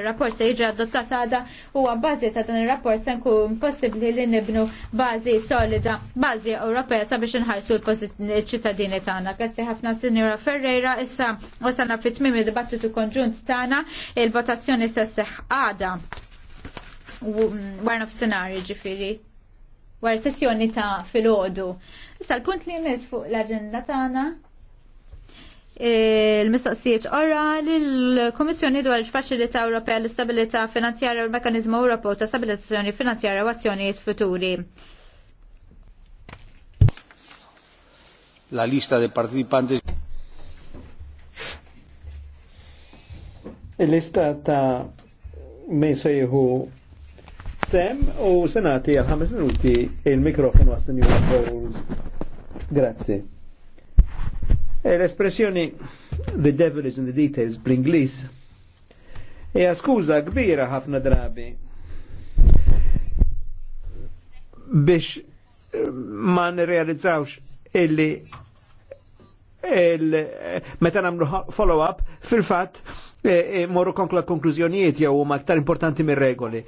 Il-rapport se jiġi adottat għada u għabbażi ta' dan il-rapport se nkun possibli li nibnu bażi solida, bażi Ewropea sabiex nħarsu l-ċittadini tagħna. Grazzi ħafna Sinjura Ferreira, issa wasalna fit tmim id-dibattitu konġunt tagħna il-votazzjoni se seħ għada. Warna f'senari ġifiri. wara sessjoni ta' filgħodu. Issa l-punt li jmiss fuq l agenda tagħna il-mistoqsijiet orali l-Komissjoni dwar il-Faċilità Ewropea l-Istabilità Finanzjarja u l-Mekanizmu Ewropew ta' Stabilizzazzjoni Finanzjarja u Azzjonijiet Futuri. La lista de partecipanti. Il-lista ta' mesejhu sem u senati għal ħames minuti il-mikrofonu għas-Senjura Grazie. Eh, l-espressjoni the devil is in the details bl-Inglis hija skuża kbira ħafna drabi biex eh, ma nirrealizzawx illi meta nagħmlu follow-up fil-fatt eh, morru konkla konklużjonijiet jew huma aktar importanti mir-regoli.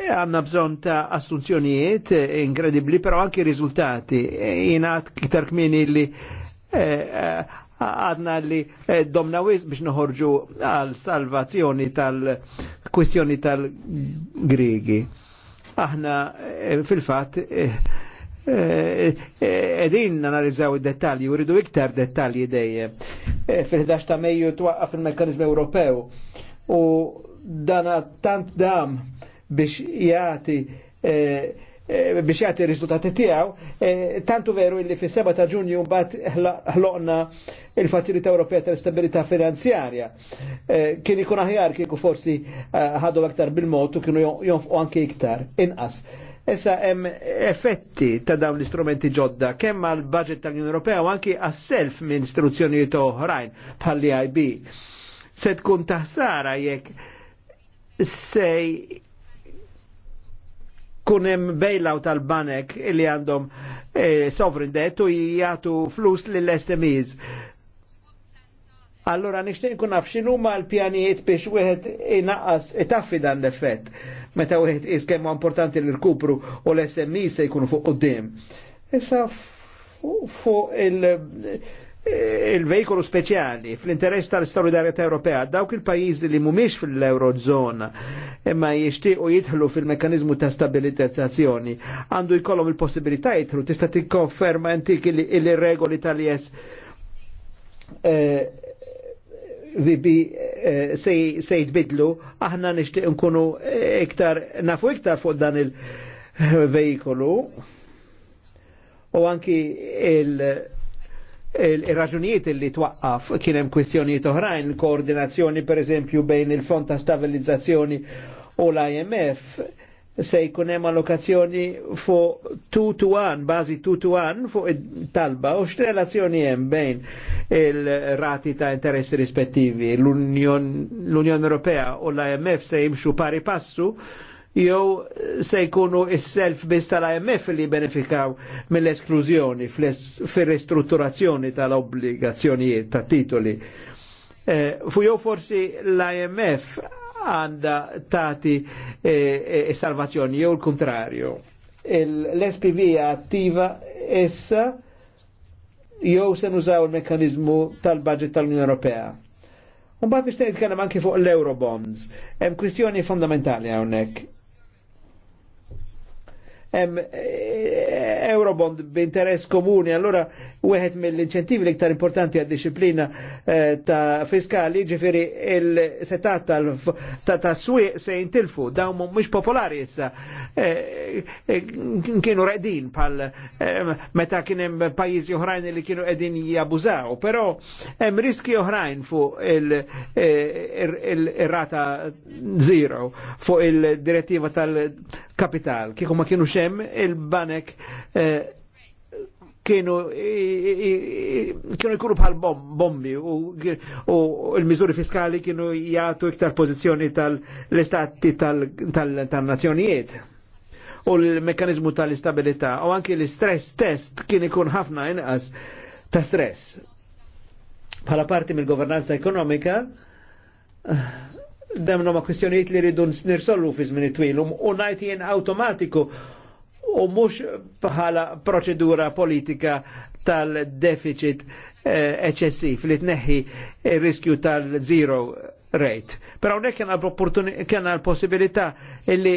għanna bżon ta' assunzjonijiet inkredibli, pero anki riżultati. Jina ktar kmini li Eh, eh, għadna li eh, domna wis biex noħorġu għal salvazzjoni tal-kwistjoni tal-Grigi. Aħna fil-fat edin analizzaw id-detalji, u rridu iktar dettalji dejjem. Fil-11 ta' Mejju twaqqaf il-Mekkanizmu Ewropew u dana tant dam biex jati Eh, biex jagħti r-riżultati tiegħu, eh, tantu veru illi fis-7 ta' Ġunju mbagħad ħloqna il-Faċilità Ewropea tal stabilita Finanzjarja. Eh, kien ikun aħjar kieku forsi ħadu aktar bil motu kienu jonfqu anke iktar inqas. Issa hemm effetti ta' dawn l-istrumenti ġodda kemm għal budget tal-Unjoni Ewropea u anki għas-self minn istruzzjonijiet oħrajn bħall-IB. Se tkun taħsara jekk sej kunem bailout tal-banek li għandhom eh, sovereign debt u jgħatu flus lill-SMEs. Allora nixtieq nkun naf x'inhu l-pjanijiet biex wieħed inaqqas itaffi dan l-effett meta wieħed iskemm importanti l kupru u l-SMI se jkunu fuq quddiem. Issa fuq il- il-vejkolu speċjali fl-interess tal-Solidarjetà Ewropea dawk il-pajjiżi li mhumiex fil-Eurozona imma jixtiequ jidħlu fil-mekkaniżmu ta' stabilizzazzjoni għandu jkollhom il-possibilità jidħlu tista' tikkonferma antik il-regoli tal-IS eh, vibi eh, se jitbidlu aħna nixtieq nkunu iktar nafu iktar fuq dan il-vejkolu u anki il- il-raġunijiet il li twaqqaf kien hemm kwistjonijiet oħrajn, koordinazzjoni per eżempju bejn il-Fond ta' Stabilizzazzjoni u l-IMF se jkun hemm allokazzjoni fuq 2 to 1, bażi 2 to 1 fuq it-talba u x'relazzjoni hemm bejn il-rati ta' interessi rispettivi. L-Unjon Europea u l-IMF se jimxu pari passu jew se jkunu is-self biss tal-IMF li benefikaw mill-esklużjoni fir-ristrutturazzjoni tal-obbligazzjonijiet ta' titoli. Eh, fu jew forsi l-IMF għanda tati eh, eh salvazzjoni jew l-kontrarju. L-SPV attiva essa jew se nużaw il-mekkanizmu tal-budget tal-Unjoni Ewropea. Unbat nishtiq nitkellem anki fuq l-Eurobonds. Hemm kwistjoni fondamentali hawnhekk hemm eh, probond b'interess komuni, allora u għed mill-inċentivi l-iktar importanti għad disciplina eh, ta' fiskali, ġifiri il-setat ta' ta' swiq se jintilfu, dawn mhux popolari jissa. Eh, eh, kienu reqdin pal meta kienem pajizi pajjiżi oħrajn li kienu qegħdin jabużaw, pero hemm riski oħrajn fu il-rata zero fuq il-direttiva tal-kapital, kieku ma kienu xem il-banek kienu kienu jkunu bħal bombi u, u l mizuri fiskali kienu jgħatu iktar pozizjoni tal-istati tal-nazzjonijiet u l-mekanizmu tal-istabilità u anki l-stress test kien ikun ħafna inqas ta' stress. Bħala parti mill-governanza ekonomika, eh, demnu ma' kwestjonijiet li rridu nirsollu fi żmien twilum u najtien automatiku u mux bħala proċedura politika tal-deficit eh, eċessif li tneħħi il-riskju tal-zero rate. Pero nek kena l-possibilità illi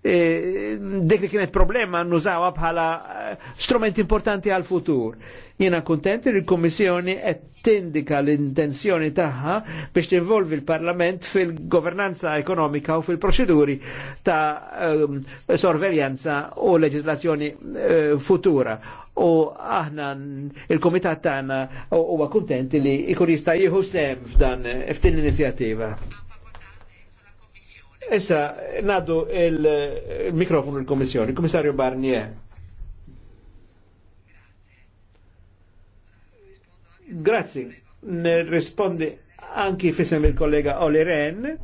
E, dik li kienet problema nużawa bħala eh, strument importanti għal futur. Jena kontent li l-Kommissjoni qed tindika l-intenzjoni tagħha biex tinvolvi l-Parlament fil-governanza ekonomika u fil-proċeduri ta' um, sorveljanza u leġislazzjoni uh, futura. U aħna il-Komitat tagħna huwa kuntenti li jkun jista' jieħu sem f'dan f'din l-inizjattiva. Issa, naddu il-mikrofonu il komissjoni Komissarju Barnier. Grazzi, rispondi anche fissem il collega Oli Ren,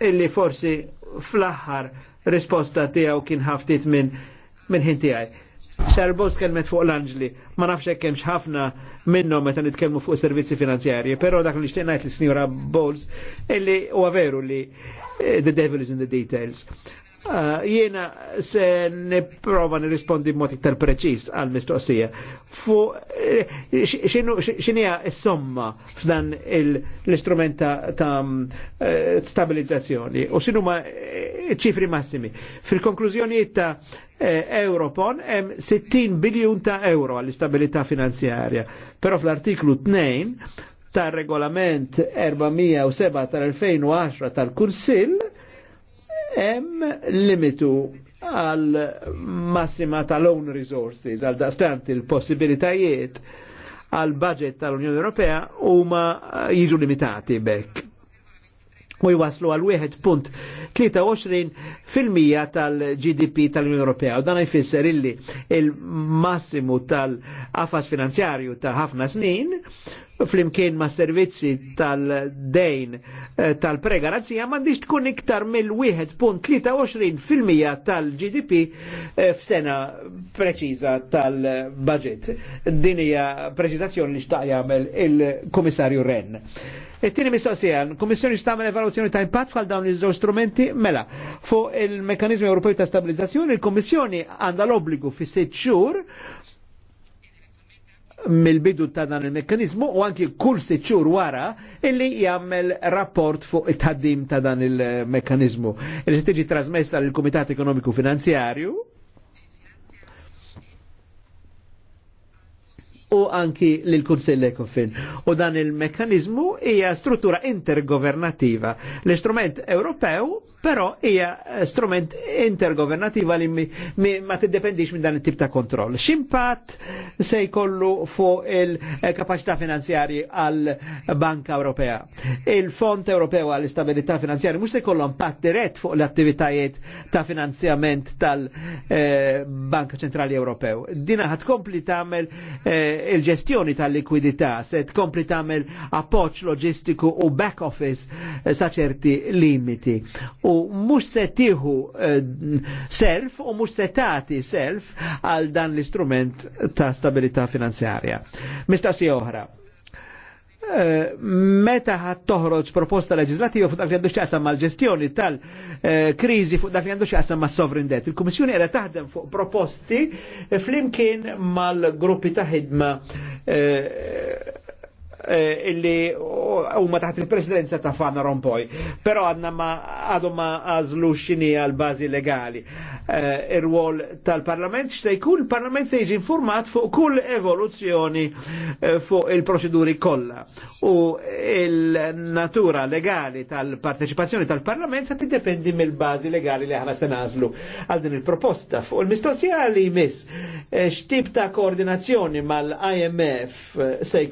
illi forsi fl risposta tiegħu kien ħaftit minn min ħin tiegħi Xarbos kelmet fuq l-anġli, ma nafx hekk hemmx ħafna minnhom meta nitkellmu fuq servizzi finanzjarji, però dak li xtieq ngħid lis-Sinjura Bowles illi huwa veru li eh, the devil is in the details. Ah, jiena se niprofa nirrispondi b'mod iktar preċis għal mistoqsija. Fuq eh, xinija s-somma f'dan l-istrument ta' eh, stabilizzazzjoni u xinu ċifri massimi. Fil-konklużjoni ta' eh, Europon hemm 60 biljun ta' euro għall-istabilità finanzjarja. Però fl-artiklu 2 tar regolament 407 tal-2010 tal kursil hemm limitu għal massima tal-own resources, għal dastant il-possibilitajiet għal budget tal-Unjoni Ewropea huma jiġu limitati bekk. U jwaslu għal 23% tal-GDP tal-Unjoni Ewropea. U dan jfisser illi il-massimu tal-qafas finanzjarju ta' ħafna snin flimkien ma' servizzi tal-dejn eh, tal-pregaranzija mandiġ tkun iktar mill-1.23% tal-GDP eh, f'sena preċiża tal-budget. Din hija preċiżazzjoni li xtaq jagħmel il-Kummissarju Ren. It-tieni e mistoqsija, l-Kommissjoni stamel evaluazzjoni ta' impatt fal dawn iż-żewġ strumenti mela. Fuq il-Mekanizmi Ewropej ta' Stabilizzazzjoni, il kummissjoni għandha l-obbligu fi sitt xhur mill-bidu ta' dan il-mekkanizmu u anki kull sitxur wara illi jammel rapport fuq it-ħaddim ta' dan il-mekkanizmu. Il tiġi trasmessa l komitat Ekonomiku Finanzjarju u anki lill kunsell Ekofin. U dan il-mekkanizmu hija struttura intergovernativa. L-istrument Ewropew però hija eh, strument intergovernativa li ma tiddependix minn dan it-tip ta' kontroll. X'impatt se jkollu fuq il-kapaċità eh, finanzjarji għal Banka Ewropea. Il-Fond Ewropew għall istabilità finanzjarji mhux se jkollu impatt dirett fuq l-attivitajiet ta' finanzjament tal-Banka eh, Ċentrali Ewropew. Dina ħad kompli tagħmel il-ġestjoni tal-likwidità, se tkompli tagħmel appoġġ loġistiku u back office sa ċerti limiti. U u se tieħu eh, self u mhux se tagħti self għal dan l-istrument ta' stabilità finanzjarja. Mistaqsija oħra, eh, meta ħad toħroġ proposta leġislativa fuq dak li għandu xaqsam mal-ġestjoni tal-krizi eh, fuq dak li għandu xaqsam mal-sovereign debt. Il-Kummissjoni era taħdem fuq proposti flimkien mal-gruppi ta' ħidma Eh, illi huma taħt il-presidenza ta' Fanna Rompoy. Però għadna ma għadu ma għazlu xini għal-bazi legali. Eh, Ir-rwol tal-parlament x'se jkun il-parlament se jiġi informat fuq kull evoluzzjoni eh, fuq il-proċeduri kollha. U il-natura legali tal-parteċipazzjoni tal-parlament se tiddependi mill-bazi legali li għana se nażlu għal din il-proposta fuq il-mistoqsija li jmiss x'tip ta' koordinazzjoni mal-IMF se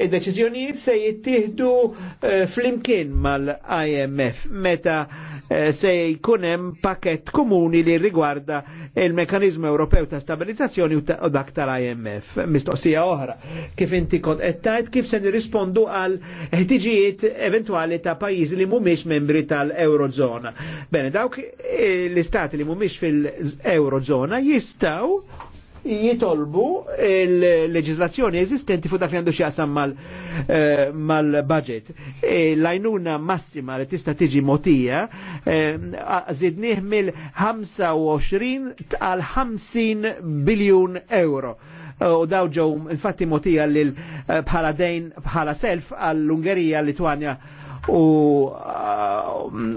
id-deċiżjonijiet se jittieħdu eh, flimkien mal-IMF meta eh, se jkun hemm pakett komuni li rigwarda il-mekanizmu Ewropew ta' stabilizzazzjoni u dak tal-IMF. Mistoqsija oħra, kif inti kont qed kif se nirrispondu għal ħtiġijiet eventwali ta' pajjiżi li mhumiex membri tal-Eurozona. Bene, dawk eh, l-istati li mhumiex fil-Eurozona jistgħu jitolbu il-leġizlazzjoni eżistenti fuq dak li għandu xjaqsam eh, mal-budget. E Lajnuna massima li tista' tiġi motija eh, zidnieh mill-25 għal 50 biljun euro eh, u daw ġew infatti motija lil bħala dejn bħala self għall-Ungerija, Litwanja u,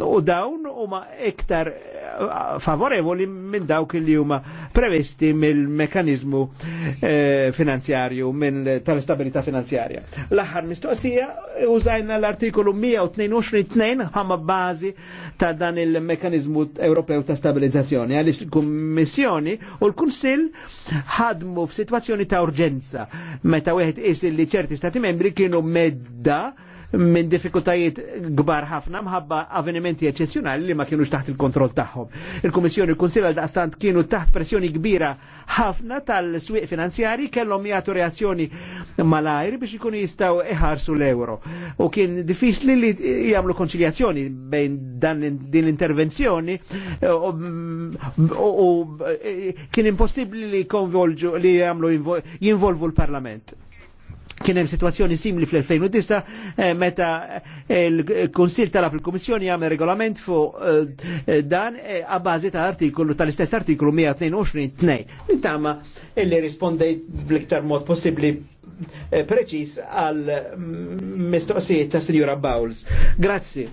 u dawn huma iktar favorevoli minn dawk li huma previsti mill-mekanizmu eh, finanzjarju minn tal-istabilità finanzjarja. L-aħħar mistoqsija użajna l-artikolu 122 ħama bażi ta' dan il-mekanizmu Ewropew ta' stabilizzazzjoni għaliex il-Kummissjoni u l-Kunsill ħadmu f'sitwazzjoni ta' urġenza meta wieħed isil li ċerti stati membri kienu medda minn diffikultajiet gbar ħafna mħabba avvenimenti eccezjonali li ma kienux taħt il-kontroll tagħhom. Il-Kummissjoni u l daqstant kienu taħt pressjoni kbira ħafna tal-swieq finanzjari kellhom jagħtu reazzjoni malajr biex ikunu jistgħu iħarsu l-euro. U kien diffiċli li jagħmlu konċiljazzjoni bejn dan din l-intervenzjoni eh, um, u eh, kien impossibbli li konvolġu li jagħmlu jinvolvu l-Parlament kien hemm sitwazzjoni simili fl-2009 eh, meta eh, il-Kunsil talab il-Kummissjoni jagħmel regolament fu eh, dan a eh, ta' artikolu tal-istess artikolu 122. 2 Nittama illi rispondej bl-iktar mod possibli preċis għal mm, mistoqsijiet ta' Sinjura Bowles. Grazzi.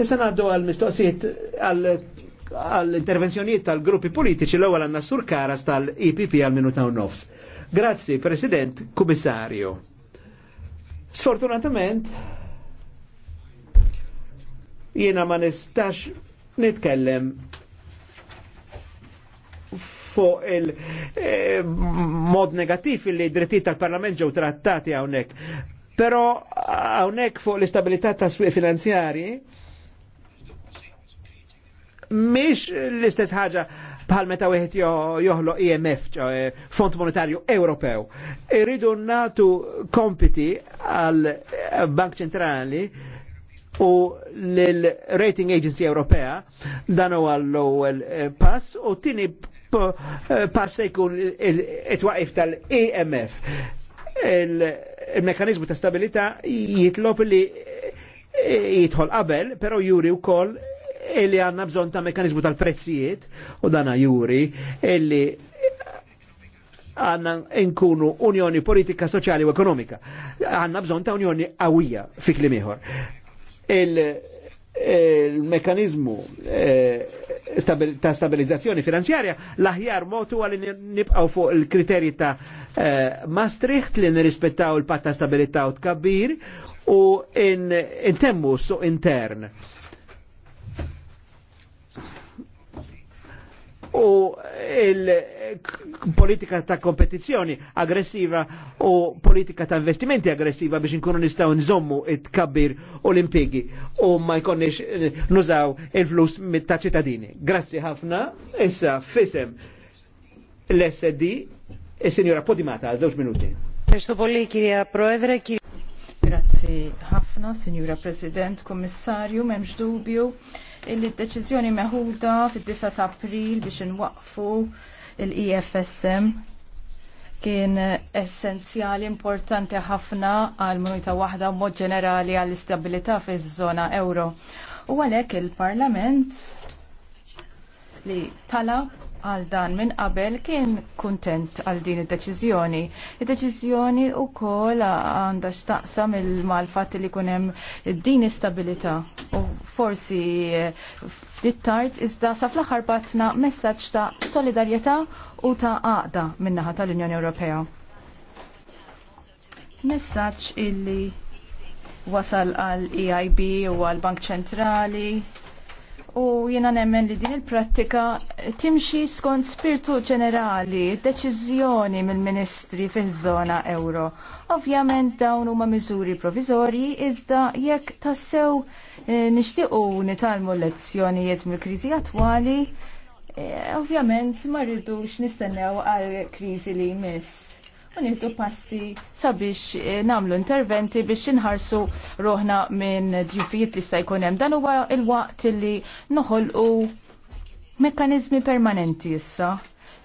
Issa għaddu għal mistoqsijiet għal intervenzjoniet tal-gruppi politiċi l-ewwel għandna Sur Karas tal-IPP għal minuta u nofs. Grazzi, President, Kummissarju. Sfortunatament, jiena ma nistax nitkellem fuq il-mod eh, negativ li drittijiet tal-Parlament ġew trattati hawnhekk. Però hawnhekk fuq l-istabilità tas swieq finanzjarji mhix l-istess ħaġa bħal meta wieħed joħloq IMF, e eh, Fond Monetarju Ewropew. Irridu natu kompiti għal eh, Bank Ċentrali u l-Rating Agency Ewropea dan huwa l-ewwel eh, pass u tini pass se jkun it-twaqif tal-EMF. Il-mekanizmu ta' stabilità jitlob li jitħol qabel, pero juri wkoll illi għanna bżon ta' mekanizmu tal-prezzijiet u dana juri illi għanna nkunu unjoni politika, soċjali u ekonomika. Għanna bżon ta' unjoni għawija fi klimiħor. Il-mekanizmu eh, ta' stabilizzazzjoni finanzjarja l-aħjar motu għal nibqaw fuq il-kriterji ta' eh, Maastricht li nirrispettaw il-patta stabilità u tkabbir u intemmu in su intern u il-politika ta' kompetizzjoni aggressiva u politika ta' investimenti aggressiva biex nkunu nistaw nżommu it-kabbir u l-impiegi u ma jkonnix eh, nużaw il-flus ta' ċittadini. Grazzi ħafna, issa fisem l-SD, il e senjora Podimata, zewġ minuti. kirja proedre, Grazzi ħafna, Senjora President, Komissarju, memx dubju illi d-deċiżjoni meħuda fid-9 ta' April biex inwaqfu l ifsm kien essenzjali importanti ħafna għal munita waħda mod ġenerali għall istabilità fiż-żona euro. U għalhekk il-Parlament li talab għal dan minn qabel kien kuntent għal din id-deċiżjoni. Id-deċiżjoni u kol għanda xtaqsam il-malfat li kunem din istabilita u forsi eh, ftit tard iżda sa fl-aħħar batna messaġġ ta' solidarjetà u ta' għaqda min-naħa tal-Unjoni Ewropea. Messaġġ illi wasal għal EIB u għal Bank Ċentrali u jiena nemmen li din il-prattika timxi skont spiritu ġenerali, deċiżjoni mill-ministri fiż zona euro. Ovvjament dawn huma miżuri provizorji iżda jekk tassew eh, nixtiequ nitalmu lezzjonijiet mill-kriżi attwali, eh, ovvjament ma rridux nistennew għal kriżi li jmiss u passi sabiex eh, namlu interventi biex inħarsu roħna minn ġifijiet li sta' jkun hemm. Dan huwa il-waqt li noħolqu mekkanizmi permanenti issa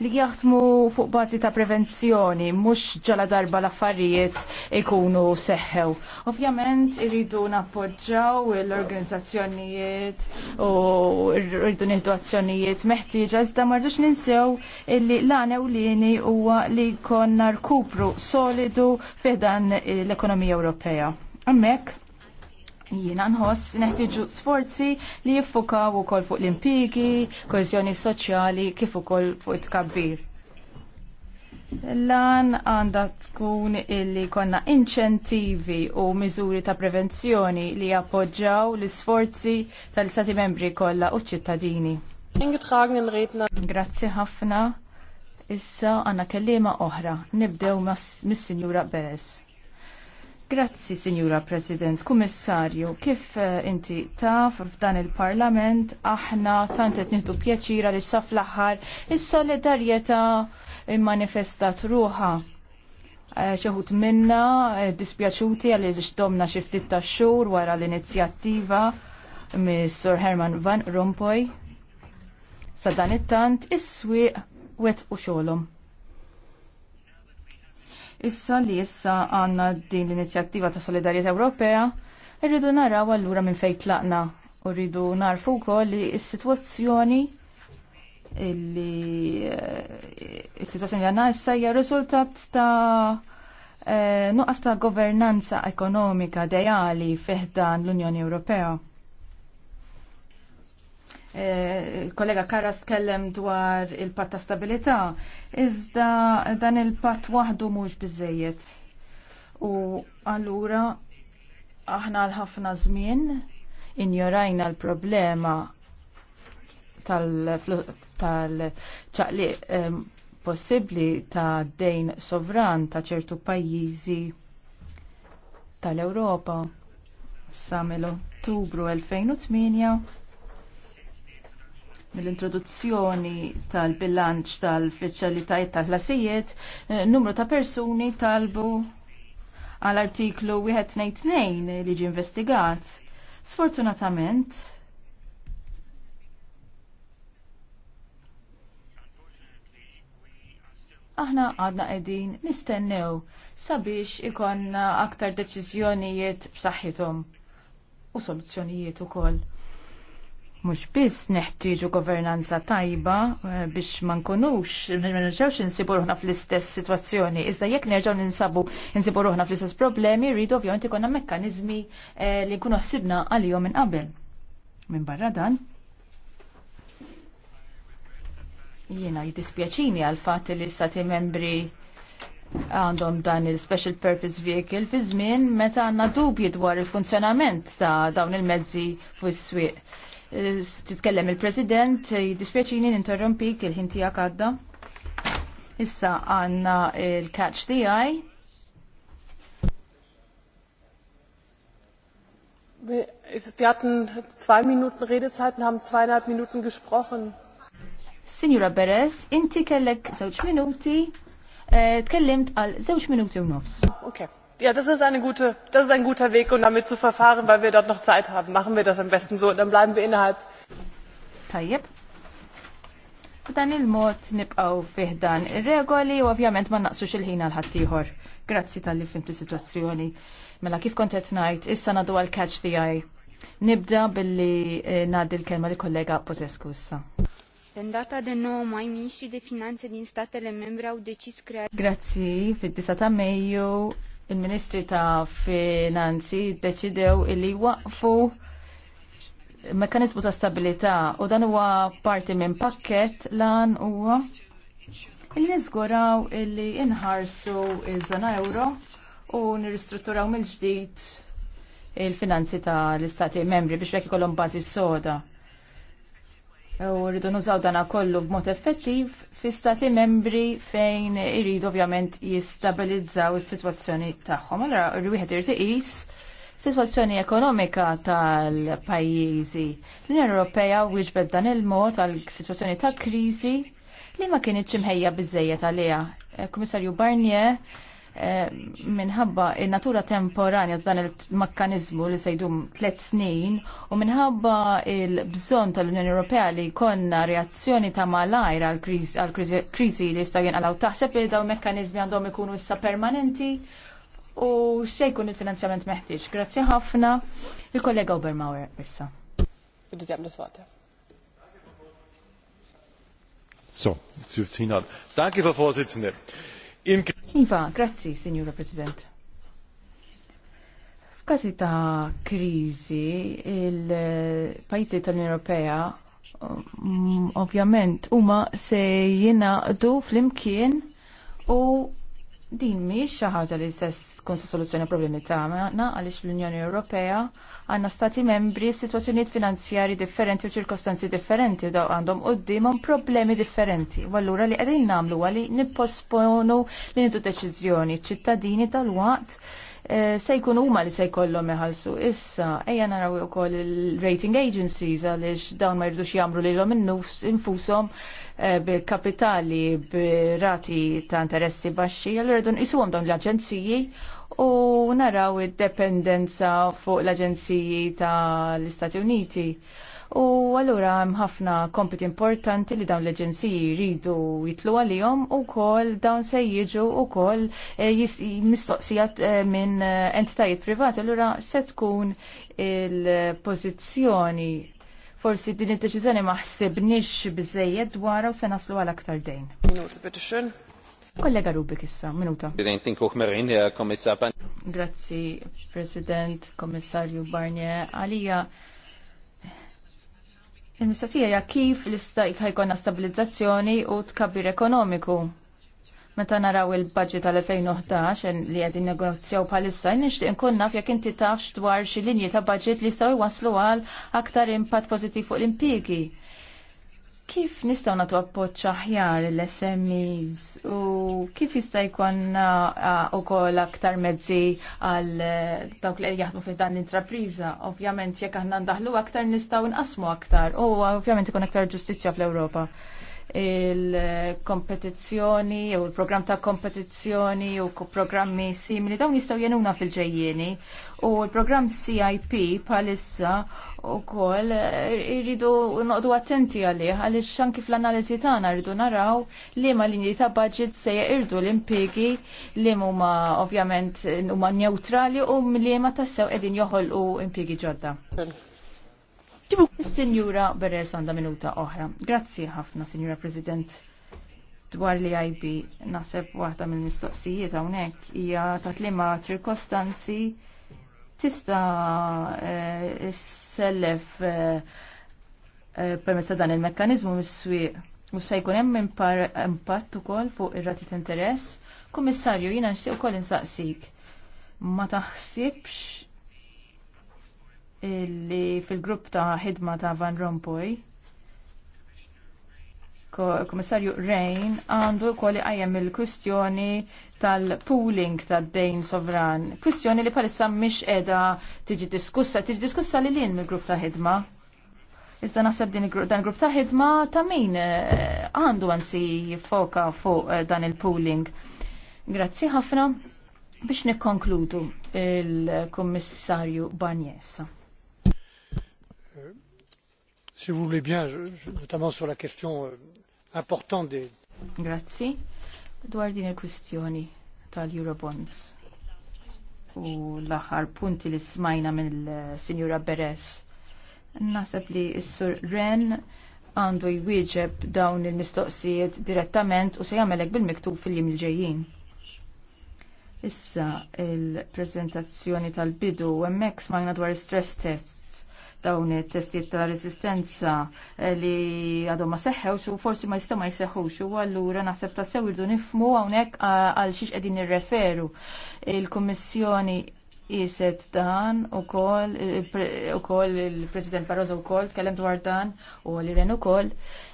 li jaħdmu fuq bażi ta' prevenzjoni, mhux ġala darba l-affarijiet ikunu seħħew. Ovvjament irridu nappoġġaw l-organizzazzjonijiet u rridu nieħdu azzjonijiet meħtieġa iżda ma rridux ninsew illi l għan ewlieni huwa li konna rkupru solidu fiħdan l-ekonomija Ewropea. Hemmhekk Jiena nħoss neħtieġu sforzi li jiffukaw ukoll fuq l-impigi, kohezjoni soċjali kif ukoll fuq it-kabbir. Lan għandha tkun illi konna inċentivi u miżuri ta' prevenzjoni li jappoġġaw l-isforzi tal-Istati membri kollha u ċittadini. Grazzi ħafna. Issa għanna kellima oħra. Nibdew mis-Sinjura Beres. Grazzi, Signora President. Kummissarju, kif eh, inti taf f'dan il-Parlament aħna tant qed nieħdu pjaċira li sa fl-aħħar is-solidarjetà immanifestat ruha. ċeħut eh, minna eh, dispjaċuti għalli ġdomna xi ftit tax wara l-inizjattiva mis Sir Herman Van Rompuy. Sa dan it-tant is-swieq wet u xogħolhom. Issa li issa għanna din l-inizjattiva ta' Solidarjet Ewropea, rridu naraw allura minn fejt tlaqna u rridu narfu wkoll li s-sitwazzjoni li eh, s-sitwazzjoni li għanna issa hija riżultat ta' eh, nuqqas ta' governanza ekonomika dejali fiħdan l-Unjoni Ewropea. Eh, kollega Karas kellem dwar il-pat ta' stabilità, iżda dan il-pat waħdu mhux biżejjed. U allura aħna l-ħafna żmien injorajna l-problema tal ċaqli possibli eh, possibbli ta' dejn sovran ta' ċertu pajjiżi tal-Ewropa sa' mill-Ottubru 2008 mill-introduzzjoni tal-bilanċ tal-feċalitajiet tal-ħlasijiet, eh, numru ta' persuni talbu għal artiklu 122 li ġi investigat. Sfortunatament, aħna għadna qegħdin nistennew sabiex ikonna aktar deċiżjonijiet b'saħħithom u soluzzjonijiet ukoll. Mhux biss neħtieġu governanza tajba eh, biex ma nkunux, nerġawx nsibu ruħna fl-istess sitwazzjoni. Iżda jekk nerġgħu ninsabu nsibu ruħna fl-istess problemi, rridu ovvijament ikonna mekkaniżmi eh, li nkunu ħsibna għalihom minn qabel. Minn barra dan. Jiena jiddispjaċini għal fatt li stati membri għandhom dan il-Special Purpose Vehicle fi żmien meta għandna dubji dwar il-funzjonament ta' dawn il-mezzi fuq is-swieq titkellem il-President, jiddispjaċini ninterrompik il ħinti tiegħek għadda. Issa għanna il-catch the eye. Sie hatten zwei Minuten Redezeit und haben zweieinhalb Minuten gesprochen. Signora Beres, inti kellek żewġ minuti, eh, tkellimt għal żewġ minuti u nofs. Okay. Ja, das ist, eine gute, das ist ein guter Weg, um damit zu verfahren, weil wir dort noch Zeit haben. Machen wir das am besten so und dann bleiben wir innerhalb. Tajjeb. Dan il-mod nibqaw fiħdan ir-regoli u ovvjament ma naqsux il-ħin għal ħaddieħor. Grazzi tal-li fimti situazzjoni. Mela kif kont qed ngħid, issa nadu għal catch the eye. Nibda billi eh, ngħaddi l-kelma li kollega Posescu issa. În data de 9 mai, ministri de finanze din statele membre au decis crearea... Grazie, fid-disa ta' Mejju, il-Ministri ta' Finanzi deċidew illi waqfu mekanizmu ta' stabilità u dan huwa parti minn pakket lan huwa illi nizguraw illi inħarsu iż-żona euro u nirristrutturaw mill-ġdid il-finanzi tal istati membri biex jekk ikollhom bażi soda. U rridu nużaw dana kollu b'mod effettiv fi stati membri fejn irridu ovvjament jistabilizzaw is-sitwazzjoni tagħhom. Allora wieħed irid iqis sitwazzjoni ekonomika tal-pajjiżi. L-Unjoni Ewropea wieġbed dan il-mod għal sitwazzjoni ta' kriżi li ma kienitx imħejja biżejjed għaliha. Eh, Kummissarju Barnier Eh, minħabba il natura temporanja dan il-makkanizmu li se jdum tliet snin u minħabba il-bżonn tal-Unjoni Ewropea li jkollna reazzjoni ta' malajr għal-kriżi li jistgħu jinqalgħu taħseb li dawn mekkanizmi għandhom ikunu issa permanenti u xejn il-finanzjament meħtieġ. Grazzi ħafna il-kollega Obermauer issa. So, Danke, Frau Vorsitzende. Iva, grazzi, Signora President. F'każi ta' kriżi, il-pajjiżi tal-Unjoni Ewropea mm, ovvjament huma se jingħaqdu flimkien u din mhix xi ħaġa li se tkun soluzzjoni problemi tagħna għaliex l-Unjoni Ewropea Għanna stati membri f'sitwazzjonijiet finanzjari differenti u ċirkostanzi differenti u daw għandhom qoddimhom problemi differenti. U allura li qegħdin nagħmlu għalli nipposponu li nidu deċiżjoni ċittadini tal-waqt eh, se jkun huma li se jkollhom iħallsu. Issa ejja naraw ukoll il-rating agencies għaliex dawn ma jridux jagħmlu lilhom infushom eh, bil-kapitali b'rati ta' interessi baxxi, allura dun isuhom dawn l-aġenziji u naraw id-dependenza fuq l-Aġenziji tal-Istati Uniti. U allura hemm ħafna kompiti importanti li dawn l-Aġenziji jridu jitlu għalihom u kol dawn se jiġu u kol eh, mistoqsijat eh, minn eh, entitajiet privati. Allura se tkun il-pożizzjoni forsi din id-deċiżjoni ma ħsibniex biżejjed dwar u se naslu għal aktar dejn. Kollega Rubik issa, minuta. Grazzi, President, Komissarju Barnier. Għalija, il-mistassija ja kif l-istajk ħajkonna stabilizzazzjoni u tkabbir ekonomiku. Meta naraw il-budget tal-2011 li għedin negozjaw palissa, nixtieq nkun naf jekk inti tafx dwar xi linji ta' budget li saw waslu għal aktar impatt pożittiv fuq l-impjiegi Kif nistaw natu appoċ aħjar l-SMEs u kif jista' jkun kol aktar mezzi għal eh, dawk li jaħdmu fi dan l-intrapriża? Ovvjament jekk aħna ndaħlu aktar nistgħu nqasmu aktar u ovvjament ikun aktar ġustizzja fl-Ewropa il-kompetizzjoni jew il-programm ta' kompetizzjoni u programmi simili dawn jistgħu jenuna fil-ġejjieni u l-programm CIP bħalissa wkoll eh, irridu noqdu attenti għalih għaliex anki fl-analiżi tagħna rridu naraw li ma linji ta' budget se jeqirdu l-impjegi li huma ovvjament huma neutrali u li ma tassew qegħdin joħolqu impjegi ġodda. Ġibu, s sinjura Beres għanda minuta oħra. Grazzi ħafna, senjura President dwar li IB naseb waħda mill mistoqsijiet hawnhekk hija ta' tlima ċirkostanzi tista' eh, sellef eh, eh, permezz ta' dan il-mekkaniżmu mis-swieq u se jkun hemm impatt ukoll fuq ir ratit interess. Kummissarju, jiena nixtieq ukoll insaqsik ma taħsibx li fil-grupp ta' ħidma ta' Van Rompuy komissarju Rain għandu koli għajem il-kustjoni tal-pooling tad-dejn sovran. Kustjoni li palissa mish edha tiġi diskussa, tiġi diskussa li lin mill-grupp ta' ħidma. Iżda naħseb din dan grupp ta' ħidma ta' min eh, għandu għansi jiffoka fuq eh, dan il-pooling. Grazzi ħafna biex nikkonkludu il-Kommissarju Barnier. Euh, si vous voulez bien, notamment sur la question euh, importante des. Grazzi. Dwar din il-kwistjoni tal-Eurobonds u l-aħħar punti li smajna mill-Sinjura Beres. Naseb li s-Sur Ren għandu jwieġeb dawn il-mistoqsijiet direttament u se jagħmelek bil-miktub fil-jiem il-ġejjin. Issa il-prezentazzjoni tal-bidu u hemmhekk smajna dwar stress test dawn it testiet ta' resistenza eh, li għadhom ma seħħewx u forsi ma jistgħu ma jseħħux u allura naħseb ta' sew irdu nifmu hawnhekk għal xiex qegħdin nirreferu. Il-Kummissjoni jiset dan u kol, u kol il-President Barroso u kol, tkellem dwar dan u li ren u kol,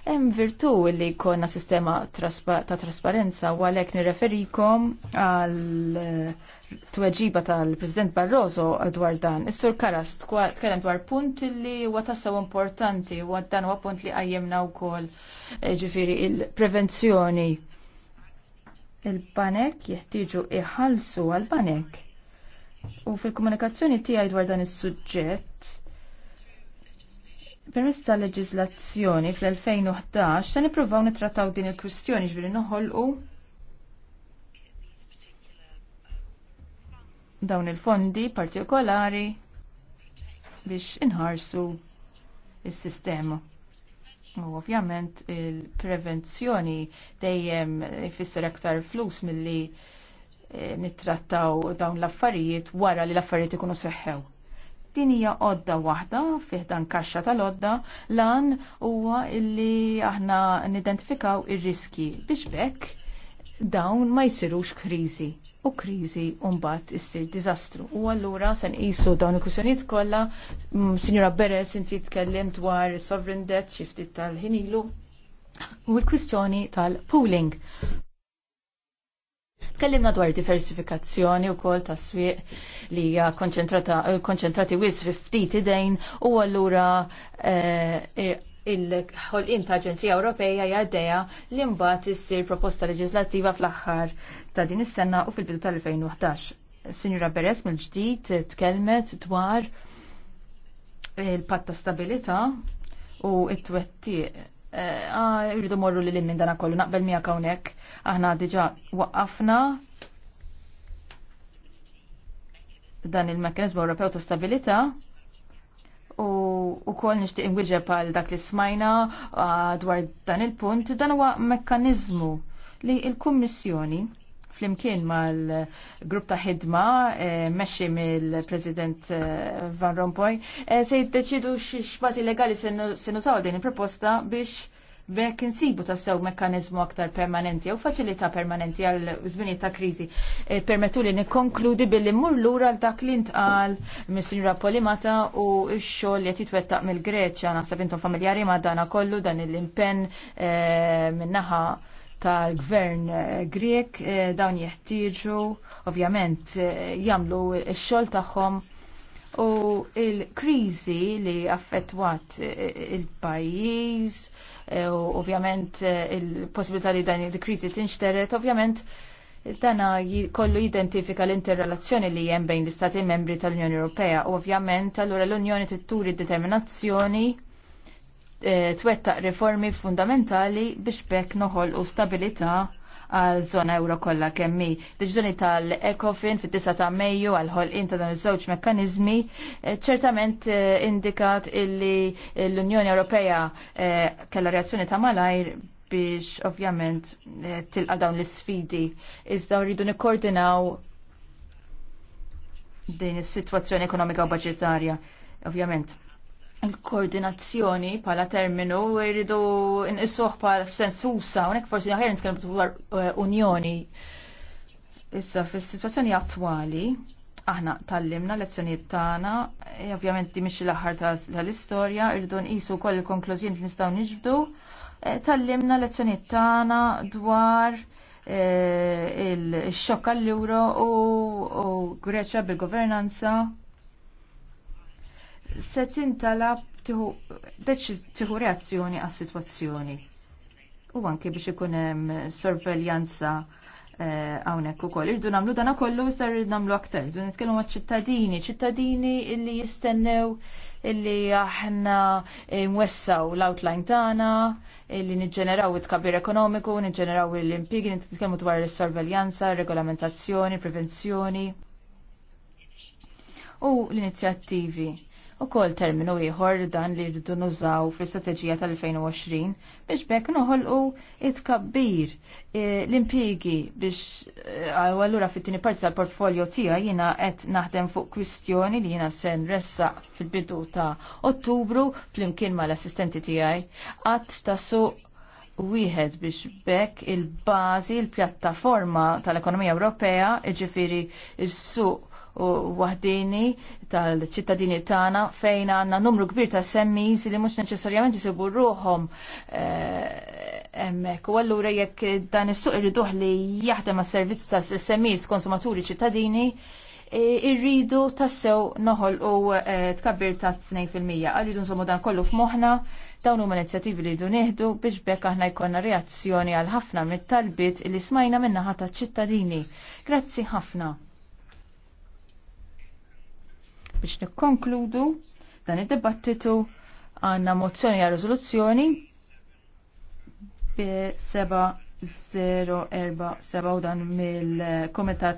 hemm virtu li konna sistema ta' trasparenza u għalek nireferikom għal eh, tweġiba tal-President Barroso dwar dan. Is-Sur Karas tkellem dwar punt li huwa tassew importanti u dan huwa punt li u wkoll eh, ġifiri il-prevenzjoni. Il-banek jeħtieġu iħallsu għal-banek U fil-komunikazzjoni tiegħi dwar dan is-suġġett permezz tal leġiżlazzjoni fl-2011 se nippruvaw nittrattaw din il-kwistjoni ġifieri noħolqu dawn il-fondi partikolari biex inħarsu il-sistema. U ovvjament il-prevenzjoni dejjem ifisser aktar flus milli nittrattaw dawn l-affarijiet wara li l-affarijiet ikunu seħħew. Din hija għodda waħda fih dan kaxxa tal-għodda lan huwa illi aħna nidentifikaw ir-riski biex bekk dawn ma jsirux kriżi u kriżi mbagħad issir diżastru. U allura se nqisu dawn il-kwistjonijiet kollha, mm, Sinjura Beres inti tkellem dwar sovereign debt xi ftit tal-ħinilu u l-kwistjoni tal-pooling. Tkellimna dwar diversifikazzjoni u kol ta' swieq li hija eh, konċentrati wis fi ftit idejn u allura eh, il-ħolqin ta' Aġenzija Ewropeja jgħaddeja li mbagħad issir proposta leġislattiva fl-aħħar ta' din is-sena u fil-bidu tal-2011. Sinjura Beres mill-ġdid tkellmet dwar il-patta stabilita u it-twettiq Eh, ah, irridu morru li l immin dana kollu naqbel mija kawnek. Aħna diġa waqqafna dan il-mekkanizmu Ewropew ta' stabilita u u kol nishtiq ingwiġeb għal dak li smajna ah, dwar dan il-punt dan huwa mekkanizmu li il-Kummissjoni flimkien mal-grupp ta' ħidma eh, meċi mill-President eh, Van Rompuy eh, se jiddeċidu x'bażi legali se nużaw din il-proposta biex bekk insibu ta' sew mekkanizmu aktar permanenti u faċilità permanenti għal żmini ta' kriżi. Permettu li nikkonkludi billi mmur lura għal dak li ntqal mis-Sinjura Polimata u x-xogħol li qed jitwettaq mill-Greċja naħseb intom familjari ma' dana kollu dan l-impenn minnaħa tal-gvern eh, Grek eh, dawn jeħtieġu ovvjament eh, jagħmlu x-xogħol tagħhom u il-kriżi li affettwat il-pajjiż u ovvjament il-possibilità li dan il-kriżi tinxteret ovvjament dana kollu jidentifika l-interrelazzjoni li hemm bejn l-Istati membri tal-Unjoni Ewropea u ovvjament allura l-Unjoni titturi determinazzjoni Eh, twettaq riformi fundamentali biex bekk noħol u stabilita għal zona euro kollha kemmi. Deċiżjoni tal-ECOFIN fit-9 ta' Mejju għal ħolqien ta' dan iż-żewġ mekkaniżmi eh, ċertament eh, indikat illi l-Unjoni Ewropea kellha reazzjoni ta' malajr biex ovvjament tilqa' dawn l-isfidi. Iżda rridu nikkoordinaw din is-sitwazzjoni ekonomika u budġetarja. Ovvjament, il-koordinazzjoni pala terminu jridu nqisuh pala f'sens usa unek forsi aħjar nitkellmu dwar eh, unjoni. Issa fis-sitwazzjoni attwali aħna tallimna lezzjonijiet tagħna, eh, ovvjament di mhix l-aħħar tal-istorja, irridu nqisu wkoll il-konklużjoni li nistgħu niġbdu. Eh, tallimna lezzjonijiet tagħna dwar il-xokk għall-euro u Greċja bil-governanza se tintalab tieħu reazzjoni għas sitwazzjoni U anke biex ikun hemm sorveljanza eh, hawnhekk ukoll. Irdu nagħmlu dan kollu issa rridu nagħmlu aktar. Irdu nitkellmu ċittadini, ċittadini illi jistennew illi aħna mwessaw l-outline tagħna, illi niġġeneraw it-kabir ekonomiku, niġġeneraw l-impjegi, nitkellmu dwar is-sorveljanza, regolamentazzjoni, prevenzjoni u l-inizjattivi u kol terminu ieħor dan li rridu nużaw fl-istrateġija tal-2020 biex bekk noħolqu it-kabbir eh, l-impjigi biex għallura eh, fit-tini parti tal-portfolio tija jina qed naħdem fuq kwistjoni li jina sen ressa fil-bidu ta' ottubru fl-imkien ma l-assistenti tijaj għat ta' suq wieħed biex bekk il-bażi, l pjattaforma tal-ekonomija Ewropea, ġifiri s suq u wahdini tal-ċittadini tagħna fejn għandna numru kbir ta' semmis li mhux neċessarjament jisibu ruhom eh, hemmhekk. U allura jekk dan is-suq irriduħ li jaħdem ma' servizz ta' semmis konsumaturi ċittadini, eh, irridu tassew noħol u eh, tkabbir ta' 2%. Għalridu nżommu dan kollu f'moħħna dawn huma inizjattivi li rridu nieħdu biex bekk aħna jkollna reazzjoni għal ħafna mit-talbiet li smajna min-naħa taċ ċittadini. Grazzi ħafna biex nikkonkludu dan id-dibattitu għanna mozzjoni għal riżoluzzjoni b 7047 u dan mill-Komitat